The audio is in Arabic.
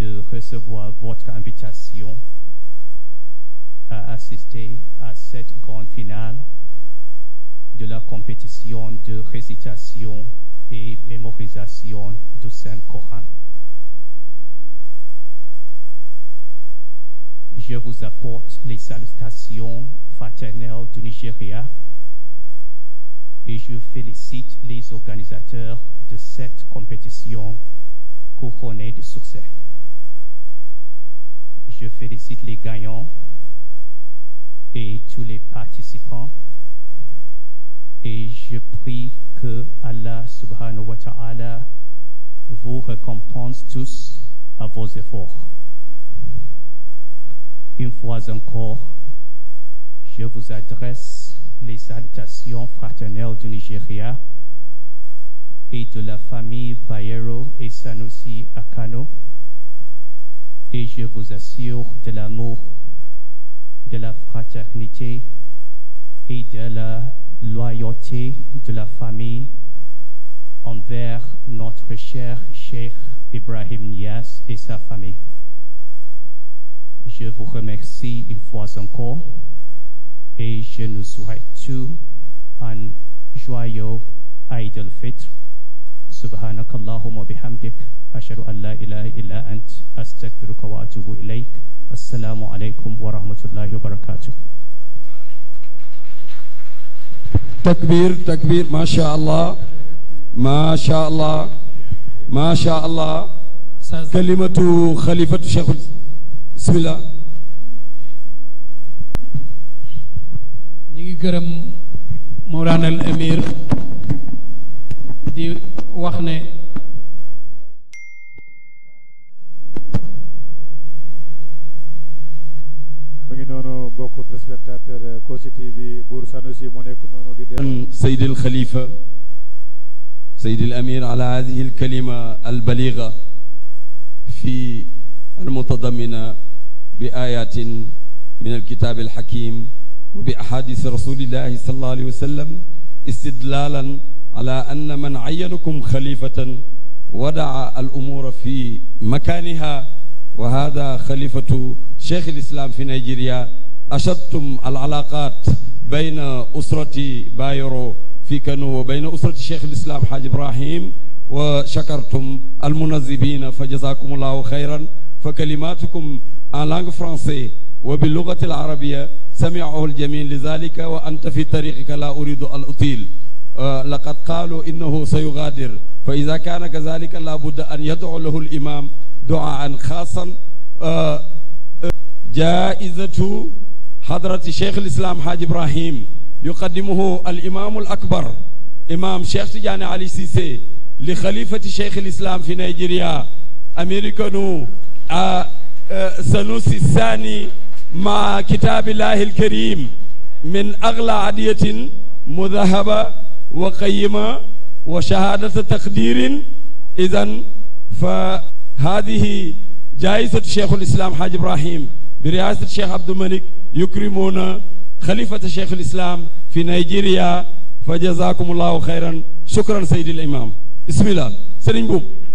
de recevoir votre invitation à assister à cette grande finale de la compétition de récitation et mémorisation du Saint-Coran. Je vous apporte les salutations fraternelles du Nigeria et je félicite les organisateurs de cette compétition couronnée de succès. Je félicite les gagnants et tous les participants. Et je prie que Allah subhanahu wa ta'ala vous récompense tous à vos efforts. Une fois encore, je vous adresse les salutations fraternelles du Nigeria et de la famille Bayero et Sanusi Akano et je vous assure de l'amour, de la fraternité et de la loyauté de la famille envers notre cher Cheikh Ibrahim Nias et sa famille. Je vous remercie une fois encore et je nous souhaite tout un joyeux Eid al-Fitr. Subhanakallahumma bihamdik. أشهد أن لا إله إلا أنت أستغفرك وأتوب إليك السلام عليكم ورحمة الله وبركاته تكبير تكبير ما شاء الله ما شاء الله ما شاء الله كلمة خليفة الشيخ بسم الله نيجي كرم مولانا الأمير دي وخنه beaucoup mbokku téléspectateur Kossi TV buur Sanusi mu nekk noonu di dem Seydi al Khalifa Seyyid al Amir ala hadihi al kalima al baligha fi al mutadamina bi ayatin min al kitab al hakim bi ahadith rasulillahi sallallahu alayhi wa sallam istidlalan على أن من عينكم خليفة ودع الأمور في مكانها وهذا خليفة شيخ الإسلام في نيجيريا أشدتم العلاقات بين أسرة بايرو في كانو وبين أسرة الشيخ الإسلام حاج إبراهيم وشكرتم المنذبين فجزاكم الله خيرا فكلماتكم en langue française وباللغة العربية سمعه الجميع لذلك وأنت في طريقك لا أريد أن أطيل آه، لقد قالوا إنه سيغادر فإذا كان كذلك لا بد أن يدعو له الإمام دعاء خاصا آه، جائزة حضرة شيخ الإسلام حاج إبراهيم يقدمه الإمام الأكبر إمام شيخ تجاني علي سيسي لخليفة شيخ الإسلام في نيجيريا نو سنوسي الثاني مع كتاب الله الكريم من أغلى عدية مذهبة وقيمة وشهادة تقدير إذا فهذه جائزة شيخ الإسلام حاج إبراهيم برئاسة الشيخ عبد الملك يكرمون خليفة الشيخ الإسلام في نيجيريا فجزاكم الله خيرا شكرا سيدي الإمام بسم الله سليم بوم